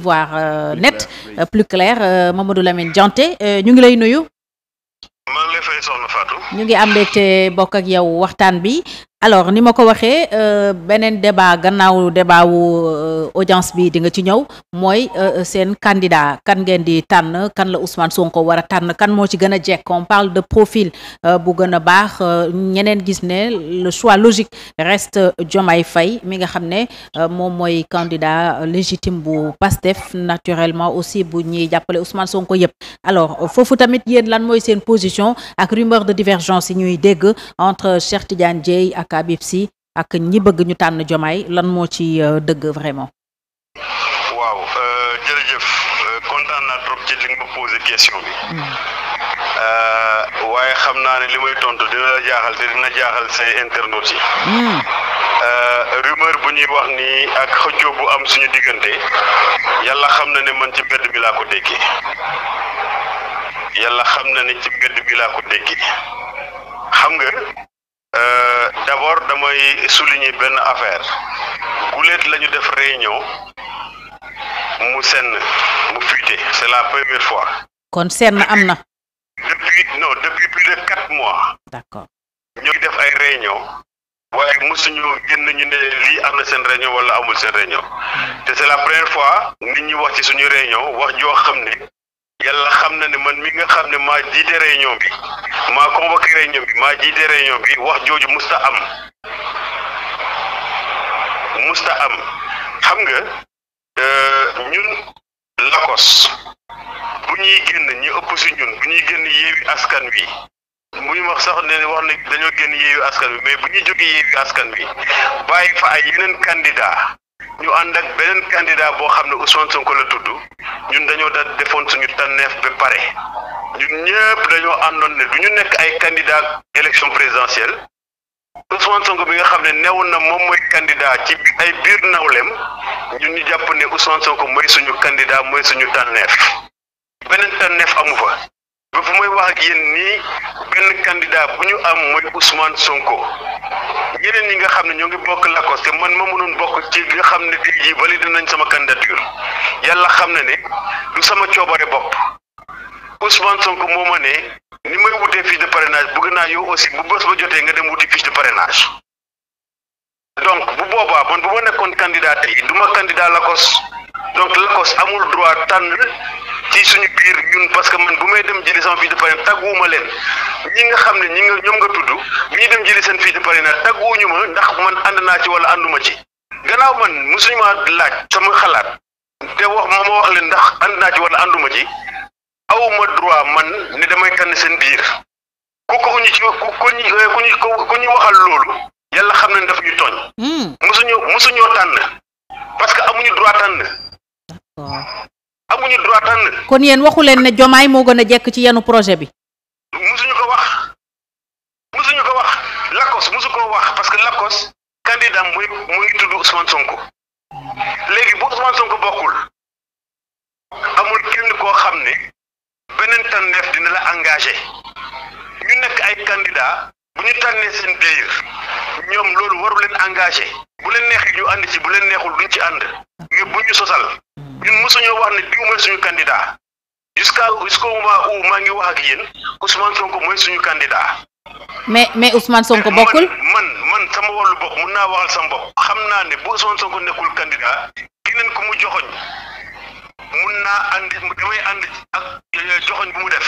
voire net euh, plus clair euh, euh, Mamadou Lamine Dianté ñu ngi lay nuyu. maa ngi ñu ngi am mbégte bokk ak yow waxtaan bi alors ni ma ko waxee euh, beneen débat gannaaw débat wu euh, audience bi di nga ci ñëw mooy euh, seen candidat kan ngeen di tànn kan la Ousmane Sonko war a tànn kan moo ci gën a jekk on parle de profil bu gën a baax ñeneen gis ne le choix logique jom ay fay mi nga xam ne moom mooy candidat légitime bu PASTEF naturellement aussi bu ñuy jàppale Ousmane Sonko yëpp alors foofu tamit yéen lan mooy seen position ak rumeur de divergence yi ñuy dégg entre Cheikh Tidiane Dieye ak ak Habib Sy ak ñi bëgg ñu tànn Diomaye lan moo ci euh, dëgg vraiment. waaw euh, jërëjëf euh, kontaan naa trop ci li nga ma question bi. Hmm. waaye xam naa ne li may tontu dina jaaxal te dina jaaxal say internautes yi. Hmm. rumeur bu ñuy wax ni ak xëccoo bu am suñu diggante yàlla xam na ne man ci mbedd bi laa ko déggee yàlla xam na ne ci mbedd bi laa ko déggee xam nga. Euh, d' abord damay souligner benn affaire guléet lañu ñu def réunion mu senn mu fuité c' est la première fois. kon senn am na. depuis non depuis plus de quatre mois. d' accord ñoo def ay réunion waaye mosuñu génn ñu ne lii am na seen réunion wala amul seen réunion te c' la première fois nit ñi wax ci suñu réunion wax joo xam ne yàlla xam na ne man mi nga xam ne maa jiite réunion bi. maa convoqué réunion bi maa jiite réunion bi wax jooju musta am musta am xam nga euh, ñun lakos bu ñuy génn ñu ëpp si ñun bu ñuy génn yeewi askan wi bu ñu wax sax ne wax ne dañoo génn yeewi askan wi mais bu ñuy jógee yeewi askan wi bàyyi fa ay yeneen candidat ñu ànd ak beneen candidat boo xam ne Ousmane Sonko la tudd ñun dañoo da defoon suñu tànneef ba pare ñun ñëpp dañoo àndoon ne du ñu nekk ay candidat élection présidentielle Ousmane Sonko bi nga xam ne newoon na moom mooy candidat ci ay biir nawleem ñun ñu jàpp ne Ousmane Sonko mooy suñu candidat mooy suñu tànneef beneen tànneef amu fa ba bu may wax ak yéen nii benn candidat bu ñu am mooy Ousmane Sonko ñeneen ñi nga xam ne ñoo ngi bokk lakos te man ma mënoon bokk ci nga xam ne di jii validé nañ sama candidature yàlla xam na ne du sama coobare bopp Ousmane Sonko moo ma ne ni may wutee fiche de parenage bëgg naa yow aussi bu bés ba jotee nga dem wuti fiche de parrainage donc bu boobaa man bu ma nekkoon candidat tey du ma candidat lakos donc lakos amul droit tànn. ci suñu biir ñun parce que man bu may dem jëli sama fiche de parrainage tagguwuma leen ñi nga xam ne ñi nga ñoom nga tudd ñi dem jëli seen fiche de parrainage tagguwuñu ma ndax man ànd naa ci wala ànduma ci gannaaw man mosuñu ma laaj sama xalaat te wax ma ma wax leen ndax ànd ci wala ànduma ci awuma droit man ne damay tànn seen biir ku ko ñu ci eh, ku ku ñu waxal loolu yàlla xam ne dafa ñu tooñ. Hmm. mosuñoo mosuñoo tànn parce que amuñu droit tànn. amuñu droit tànn. kon yéen waxu leen ne Jomaay moo gën a jekk ci yenu projet bi. musuñu ko wax musuñu ko wax Lacoste mësu ko wax parce que Lacoste candidat muy muy tudd Ousmane Sonko léegi bu Ousmane Sonko bokkul amul kenn koo xam ne beneen tànneef dina la engagé ñu nekk ay candidat bu ñu tànnee seen biir ñoom loolu waru leen engagé bu leen neexee ñu ànd ci bu leen neexul duñ ci ànd ñu bu ñu sosal ñun mësuñoo wax ne diw mooy suñu candidat jusqu'à jusqu'au moment où maa ngi wax ak yéen Ousmane Sonko mooy suñu candidat. mais mais Ousmane Sonko bokkul. man man sama wàllu bopp mun naa waxal sama bopp xam naa ne bu Ousmane Sonko nekkul candidat keneen ku mu joxoñ mun naa ànd damay ànd ak eh, joxoñ bu mu def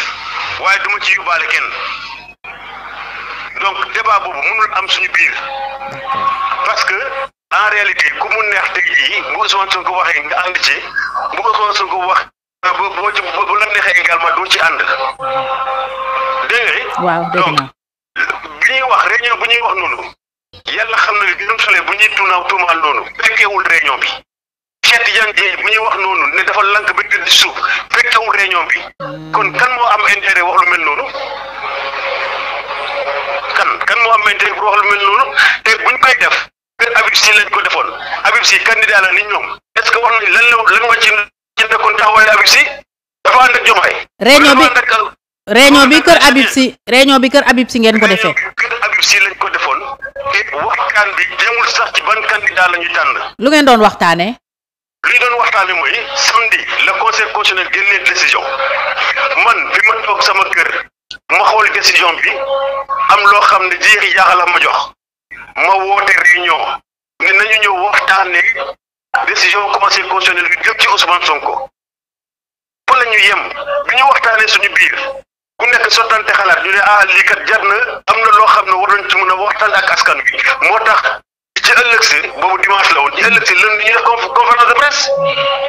waaye duma ci yóbbaale kenn. donc débat boobu mënul am suñu biir parce que en réalité ku mu neex tey jii bu Ousmane Sonko waxee nga ànd ci bu Ousmane Sonko wax boo boo ci bu la neexee également doo ci ànd dégg donc bi ñuy wax réunion bu ñuy wax noonu yàlla xam na ne bi ñoom bu ñuy tuunaaw tuumaal noonu fekkeewul réunion bi. xeet Tidiane Dièye bu ñuy wax noonu ne dafa lank ba tëdd suuf fekkewul réunion bi hmm. kon kan moo am intérêt wax lu mel noonu. kan kan moo am intérêt pour wax mel noonu te buñ koy def kër Habib Sy lañ ko defoon Habib Sy candidat la ni ñoom est-ce que wax nañ lan la lan ma ci ci nekkoon taxawaay Habib Sy dafa ànd ak Diomaye. réunion bi réunion bi kër Habib Sy réunion bi kër Habib Sy ngeen ko defee. kër Habib Sy lañ ko defoon te waxtaan bi demul sax ci ban candidat la ñu tànn. lu ngeen doon waxtaanee. li doon waxtaanee mooy samedi la conseil constitutionnel génnee décision man bi ma toog sama kër. ma xool décision bi am loo xam ne jiixi jaaxala ma jox ma woote réunion ne nañu ñëw waxtaane décision conseil constitutionnel bi jëm ci Ousmane Sonko fa la ñu yem bi ñu waxtaanee suñu biir ku nekk sottante xalaat ñu ne ah lii kat jar na am na loo xam ne war nañ ci mën a waxtaan ak askan bi moo tax ci ëllëg si boobu dimanche la woon ci ëllëg si lënd ñu def conférence de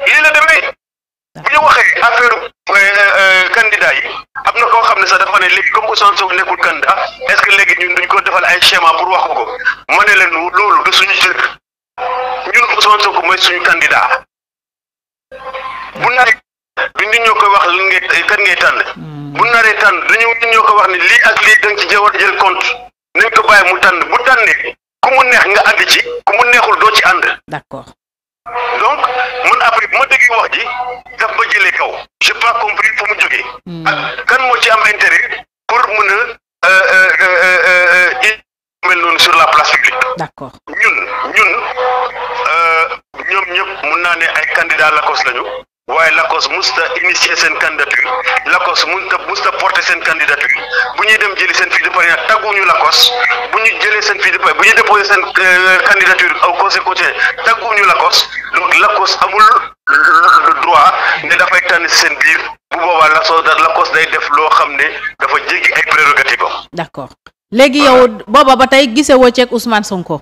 lii la demee bu ñu waxee affaire euh, euh, candidat yi am na koo xam ne sax dafa ne léegi comme Ousmane Sonko nekkul candidat est-ce que léegi ñun duñ ko defal ay schéma pour wax ko ma ne leen loolu du suñu dëkk ñun Ousmane Sonko mooy suñu candidat bu naree du nit ñoo koy wax lan ngay kan ngay tànn hmm. bu naree tànn dañu nit ñoo koy wax ne lii ak lii danga ci war a jël compte nañ ko bàyyi mu tànn bu tànnee ku mu neex nga ànd ci ku mu neexul doo ci ànd. D'accord ji daf ba jëlee kaw j'ai pas compris fu mu jógee hmm. ak ah, kan moo ci am intérêt pour mën a euh, euh, euh, mel noonu sur la place publique d'accord ñun ñun ñoom ñëpp mun naa ne ay candidat lakos lañu waaye lakos musta initier seen candidature lakos musta musta porter seen candidature bu ñuy dem jëli seen fiche de parrainage tagguñu lakos bu ñu jële seen fiche de parrainage bu ñu déposé seen candidature au conseil constitutionnel tagguñu lakos donc lakos amul boobaa ne dafay tànn seen biir bu boobaa la soo la kos day def loo xam ne dafa jéggi ay prérogative am. d'accord léegi yow booba ba tey gisee woo ceeg Ousmane Sonko.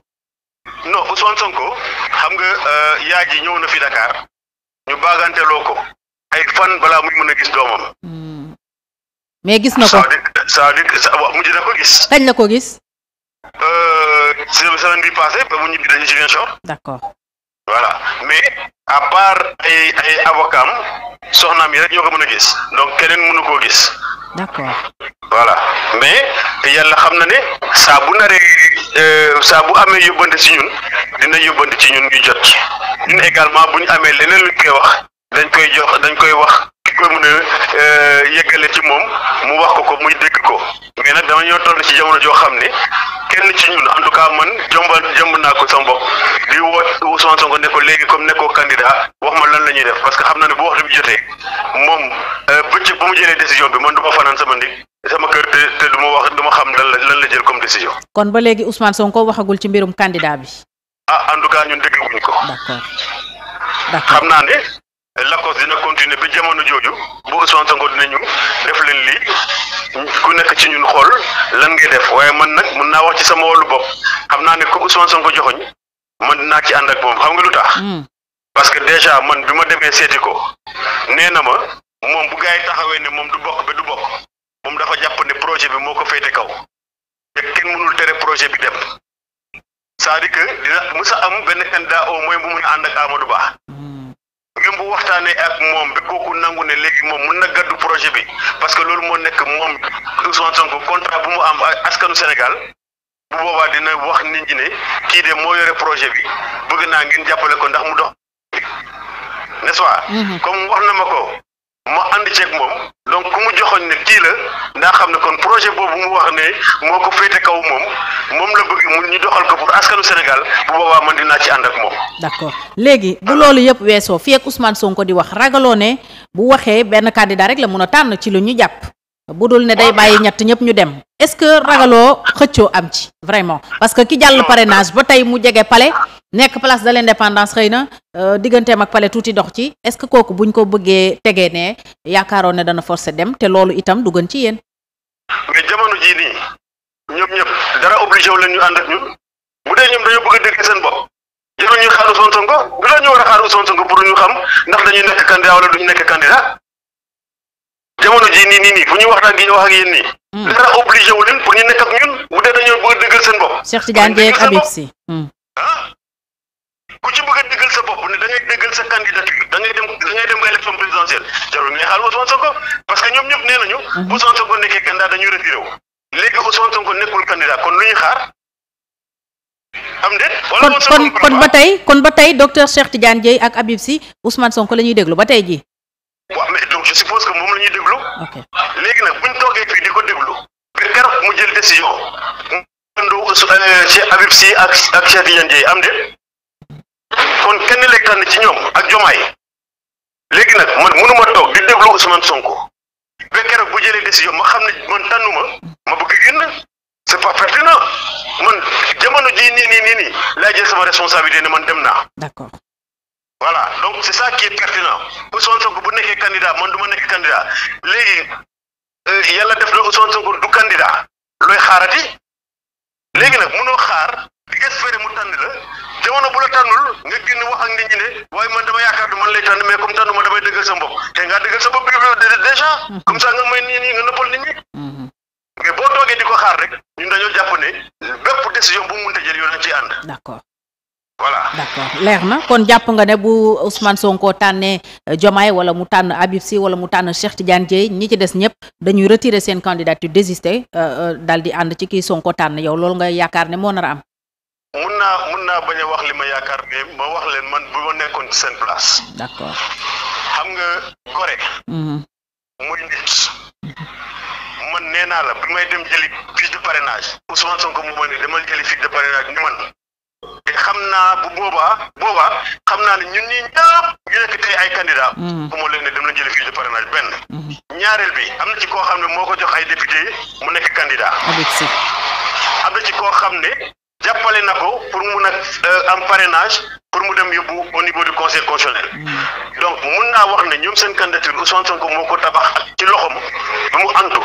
non Ousmane Sonko xam nga euh, yaay ji ñëw na fi Dakar ñu baaganteloo ko ay fan balaa muy mën a gis doomam. Hmm. mais gis na ko ça veut dire que ça mujj na ko gis. kañ la ko gis. Euh, semaine bi passé ba mu ñibbi dañu ci bien d'accord. voilà mais à part ay ay avocat soxnaam yi rek ñoo ko mën a gis donc keneen mënu koo gis. d'accord voilà mais yàlla xam na ne saa bu naree euh, saa bu amee yóbbante ci ñun dinañ yóbbante ci ñun ñu jot ñun également bu ñu amee leneen luñ koy wax dañ koy jox dañ koy wax ki koy mën a euh, ci moom mu wax ko ko muy dégg ko mais nag dama ñoo toll ci jamono joo xam ne kenn ci ñun en tout cas man jombal jomb naa ko sama bopp li woo Ousmane Sonko ne ko léegi comme nekkoo candidat wax ma lan la ñuy def parce que xam na ne bu waxtu bi jotee moom euh, bëccëg jëlee décision bi man du ma fanaan sama ndig sama kër te te wax du xam lan la lan la jël comme décision. kon ba léegi Ousmane Sonko waxagul ci mbirum candidat bi. ah en tout ko. d'accord xam naa ne Lacoste dina continuer bi jamono jooju bu Ousmane Sonko dinañu def leen lii. ku nekk ci ñun xool lan ngay def waaye man nag mun naa wax ci sama wàllu bopp xam naa ne ko Ousmane Sonko joxoñ man dinaa ci ànd ak moom xam nga lu tax. Hmm. parce que déjà man bi ma demee seeti ko nee na ma moom bu gaa yi taxawee ne moom du bokk ba du bokk moom dafa jàpp ne projet bi moo ko féete kaw te kenn mënul tere projet bi dem c'est-à-dire que dina musa am benn candidat au moins bu mun a ànd ak Amadou Ba. Hmm. même bu waxtaanee ak moom ba nangu ne léegi moom mun na gàddu projet bi parce que loolu moo nekk moom Ousmane Sonko contrat bu mu am askanu Sénégal. bu boobaa dina wax nit ñi ne kii de moo yore projet bi bëgg naa ngeen jàppale ko ndax mu dox n'est-ce pas mhm. comme wax na ma ko ma ànd ceeg moom donc ku mu joxoñ ne kii la ndax xam ne kon projet boobu mu wax ne moo ko féete kaw moom moom la bëgg mu ñu doxal ko pour askanu Sénégal bu boobaa man dinaa ci ànd ak moom. d'accord léegi bu loolu yëpp weesoo fii ak Ousmane ko di wax ragaloo ne bu waxee benn candidat rek la mun a tànn ci lu ñu jàpp. bu dul ne day bàyyi ñett ñëpp ñu dem est-ce que ragaloo xëccoo am ci vraiment parce que ki jàll parrainage ba tey mu jege pale nekk place de l'indépendance xëy na euh, digganteem ak pale tuuti dox ci est-ce que kooku buñ ko bëggee tegee ne yaakaaroon ne dana force dem te loolu itam du ci yéen. mais jamono jii nii ñoom ñëpp dara obligé wu leen ñun bu dee ñoom dañoo bëgg a seen bopp jarul ñuy xaar Ousmane du la ñu war a pour ñu xam ndax dañuy jamono ji nii nii nii fu ñu wax naan gi ñu wax ak yéen nii. Hmm. dara obligé wu leen pour ñu nekk ak ñun bu dee dañoo bëgg a dëggal seen bopp. Cheikh Tidiane Dièye ak Habib Sy. Hmm. ah ku ci bëgg ne da ngay dëggal sa candidature da ngay dem da ngay dem élection présidentielle que ñoom ñëpp nee nañu. Hmm. bu Ousmane Sonko nekkee candidat dañuy retiré wu. léegi Ousmane Sonko nekkul candidat kon lu ñu xaar. am déet wala kon ba tey kon ba tey docteur Cheikh Tidiane Dièye ak Habib Sy Ousmane la ñuy déglu ba tey ji waaw mais donc je suppose que moom la ñuy déglu. léegi nag bu ñu toogee fii di ko déglu. mais keroog mu jël décision. mu doo euh, su euh, Cheikh Habib Sy ak ak Cheikh Tidiane Dièye am kon kenn lay tànn ci ñoom ak jomaay léegi nag man mënu ma toog di déglu Ousmane Sonko. mais keroog bu jëlee décision ma xam ne man tànnu ma ma bëgg génn. c'est pas pertinent man jamono jii nii nii nii nii laa jël sama responsabilité ne man dem naa. voilà donc c'est ça qui est pertinent Ousmane Sonko bu nekkee candidat man du ma nekk candidat léegi euh, yàlla def na Ousmane Sonko du candidat looy xaarati léegi nag mënoo xaar di espérer mu tànn la jamono bu la tànnul nga génn wax ak nit ñi ne waaye man dama yaakaar du man lay tànn mais comme tànnu ma damay dëggal sa bopp te ngaa dëggal sa bopp déjà mhm. comme ça nga may nit ñi nga nëppal nit ñi mhm. mais boo toogee di ko xaar rek ñun dañoo jàpp ne bépp décision bu mu jël yoon ci ànd d'accord voilà d'accord leer na kon jàpp nga ne bu Ousmane Sonko tànnee euh, Diomaye wala mu tànn Habib Sy wala mu tànn Cheikh Tidiane Dièye ñi ci des ñëpp dañuy retirer seen candidature désister euh, euh, daal di ànd ci kii Sonko tànn yow loolu nga yaakaar ne moo nar am. mun naa mun naa bañ wax li ma yaakaar ne ma wax leen man bu ma nekkoon seen place. d'accord xam nga gore. Mm-hmm. muy nit. man nee la bi may dem jëli fiche de parrainage Ousmane Sonko mu ma ne jëli fiche de parrainage ni man. te xam naa bu boobaa boobaa xam naa ne ñun ñi ñëpp ñu nekk tey ay candidat bu mm-hmm. ma leen dem la jële fii de parrainage benn mm-hmm. ñaareel bi am na ci koo xam ne moo ko jox ay député mu nekk candidat am na ci koo xam ne jàppale na ko pour mu nag euh, am parrainage pour mu dem yóbbu au niveau du conseil constitutionnel mm-hmm. donc mun naa wax ne ñoom seen candidature Ousmane Sonko moo ko tabax ak ci loxoom bi mu antu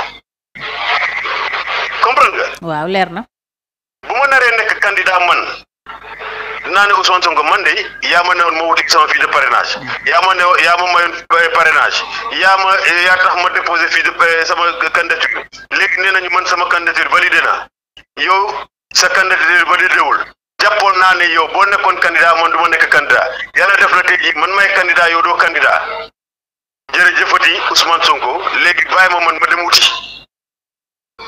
comprendre nga waaw leer na bu ma naree nekk candidat man naa ne Ousmane Sonko man de yaa ma ne woon ma wuti sama fii de parrainage yaa ma ne yaa ma mayoon parrainage yaa ma yaa tax ma déposé fii de euh, sama candidature léegi nee nañu man sama candidature validé na yow sa candidature validé wul jàppoon naa ne yow boo nekkoon candidat man du ma nekk candidat yàlla def na tey jii man may candidat yow doo candidat jërëjëfati Ousmane Sonko léegi bàyyi ma man ma dem wuti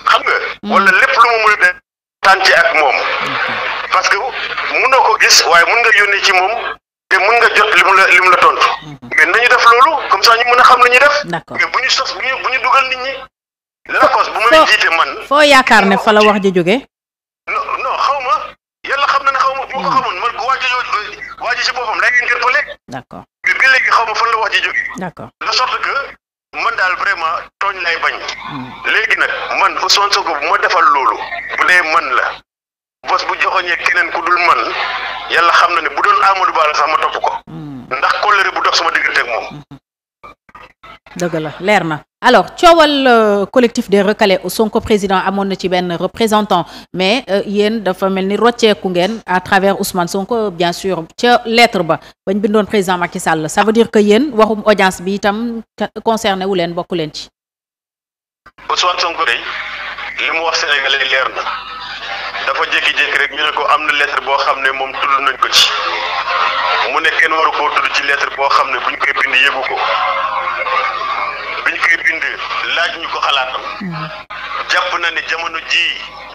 xam nga. Hmm. wala lépp lu ma mën a tànce ak moom. parce que mënoo ko gis waaye mën nga yónnee ci moom te mën nga jot li mu la li mu la tontu. Mhm. mais nañu def loolu comme ça ñu mën a xam lu ñuy def. mais bu ñu sos bu ñu dugal nit ñi. Lacoste bu ma leen jiitee man. foo yaakaar ne fa la wax ji jógee. non non xaw ma yàlla xam na ne xaw ma bu mhm. waa ji yow waa si boppam lay interpellé. d' accord mais bi léegi xaw ma fan la wax ji jógee. d' accord sorte que man daal vraiment tooñ lay bañ. Mhm. léegi nag mën man Ousmane Sonko bu ma defal loolu bu dee man la. bos bu joxoñee keneen ku dul man yàlla xam na ne bu doon Amadou Ba la sax ma topp ko hmm. ndax kóllëre bu dox sama diggante hmm. ak leer na alors coowal euh, collectif des recalés Sonko président amoon na ci benn représentant mais euh, yéen dafa mel ni rocceeku ngeen à travers Ousmane Sonko bien sûr ca lettre ba bañ bindoon président Macky Sall ça veut dire que yéen waxum audience bi itam concerné wu leen bokk leen ci Ousmane Sonko day li mu wax Sénégalais leer na dafa jékki-jékki rek ñu ne ko am na lettre boo xam ne moom tudd nañ ko ci mu ne kenn waru koo tudd ci lettre boo xam ne buñ ñu koy bind yëgu ko bi ñu koy bind laaj ñu ko xalaatam jàpp na ne jamono ji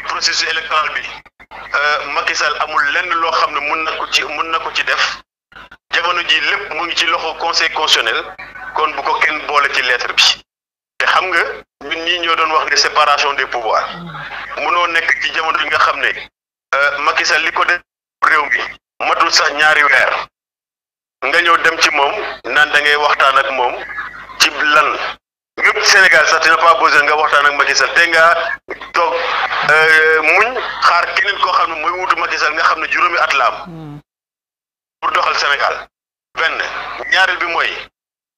processus électoral bi euh, Macky Sall amul lenn loo xam ne mun na ko ci mun na ko ci def jamono ji lépp mu ngi ci loxo conseil constitutionnel kon bu ko kenn boole ci lettre bi xam nga ñun ñii ñoo doon wax ne séparation des pouvoirs noo nekk ci jamono yi nga xam ne euh, Macky Sall li ko def réew mi matul sax ñaari weer nga ñëw dem ci moom naan da ngay waxtaan ak moom ci lan yëpp Sénégal sax dina pas besoin nga waxtaan ak Macky Sall te nga toog euh, muñ xaar keneen koo xam ne mooy wutu Macky Sall nga xam ne juróomi atlam hmm. pour doxal Sénégal benn ñaareel bi mooy.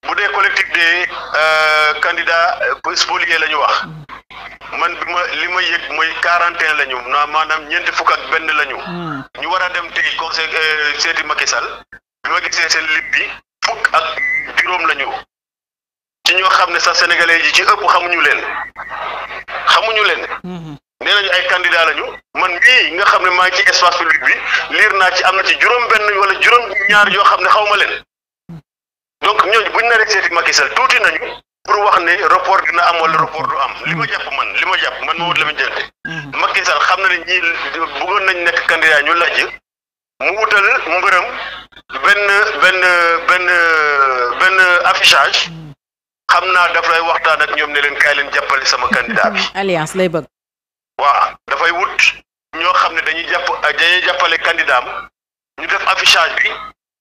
bu dee collectif des euh, candidats euh, spoliés la ñu wax man bi ma li ma yëg mooy quarante et un la ñu maanaam ñeenti fukk ak benn la ñu hmm. ñu war a dem tey conseil euh, seeti Macky Sall bi ma gisee seen lim bi fukk ak juróom la ñu ci ñoo xam ne sax sénégalais yi ci ëpp xamuñu leen xamuñu leen hmm. nee nañu ay candidat lañu man mii nga xam ne maa ngi ci espace public bi liir naa ci am na ci juróom benn wala juróom ñaar yoo xam ne xaw ma leen donc ñooñu buñ na naree seeti Macky Sall tuuti nañu pour wax ne report dina am wala report du am li ma jàpp man li ma jàpp man Mamadou Lamine Diante Macky Sall xam na ne ñii bëggoon nañ nekk candidat ñu lajj mu wutal mbërëm benn benn benn benn affichage mm-hmm. xam naa daf lay waxtaan ak ñoom ne leen kaay leen jàppale sama candidat bi. alliance lay bëgg. waaw dafay wut ñoo xam ne dañuy jàpp dañuy jàppale candidat ñu def affichage bi.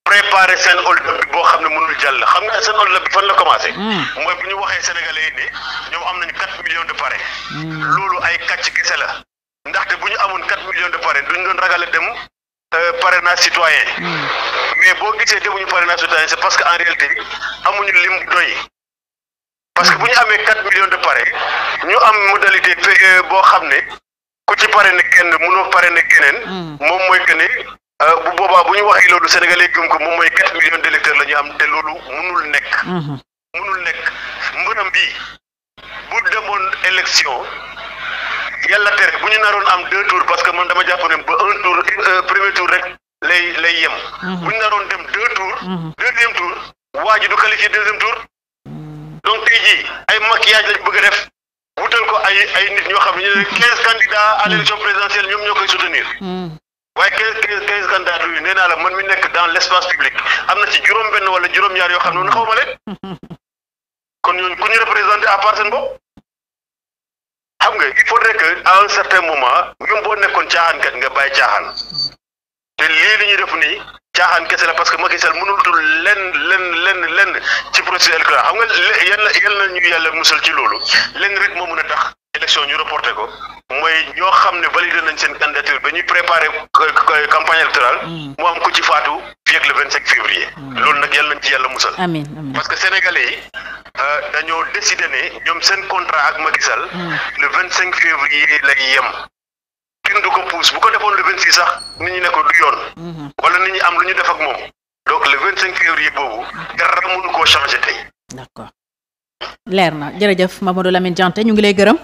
préparé seen hold boo xam ne mënul jàll xam nga seen hold-up bi fan la commencé. Hmm. mooy bu ñu waxee sénégalais yi ne ñoom am nañu quatre millions de pare. Hmm. loolu ay kàcc kese la. ndaxte bu ñu amoon quatre millions de pare duñ doon ragale dem euh, parrainage citoyen. Hmm. mais boo gisee demuñu parrainage citoyen c'est parce que en réalité amuñu lim doy. parce que bu ñu amee quatre millions de pare ñu am modalité e boo xam ne ku ci pare ne kenn mënoo pare ne keneen. moom mooy que Euh, bu boobaa bu ñu waxee loolu sénégalais gëm ko moom mooy quatre millions d'électeurs la ñu am te loolu mënul nekk mënul mhm. nekk mbëram bi bu demoon élection yàlla tere bu ñu naroon am deux tours parce que man dama jàpp ne ba un tour euh, premier tour rek lay lay yem mhm. bu ñu naroon dem deux tours mhm. deuxième tour waa ji du qualifié deuxième tour donc tey jii ay maquillage lañ bëgg a def wutal ko ay ay nit ñoo xam ne quinze candidats à présidentielle ñoom ñoo koy soutenir waaye quinze quinze quinze candidatures yi nee naa la man mi nekk dans l' espace public am na ci juróom-benn wala juróom-ñaar yoo xam ne xaw ma leen kon ñooñu ku ñu représenté à part seen bopp xam nga il faudrait que à un certain moment ñoom boo nekkoon caaxaankat nga bàyyi caaxaan te lii li ñuy def nii caaxaan kese la parce que Macky Sall mënulatul lenn lenn lenn lenn ci processus électoral xam nga yenn yenn la ñu yàlla musal ci loolu lenn rek moo mën a tax. élection ñu reporté ko mooy ñoo xam ne validé nañ seen candidature ba ñuy préparé campagne électorale mm. am ku ci faatu fii ak le février mm. loolu nag yàlla nañ ci yàlla musal amiin parce que sénégalais yi euh, dañoo décidé ne ñoom seen contrat ak Macky Sall mm. le vingt cinq février lay yem kenn du ko pousse bu ko defoon le vingt six sax nit ñi ko du yoon mm-hmm. wala nit ñi février boobu dara mënu koo changé tey d'accord leer na jërëjëf Mamadou Lamine Dianté ñu ngi lay gërëm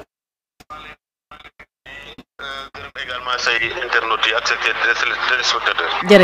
gërëm également say internautes yi ak sa téléspectateur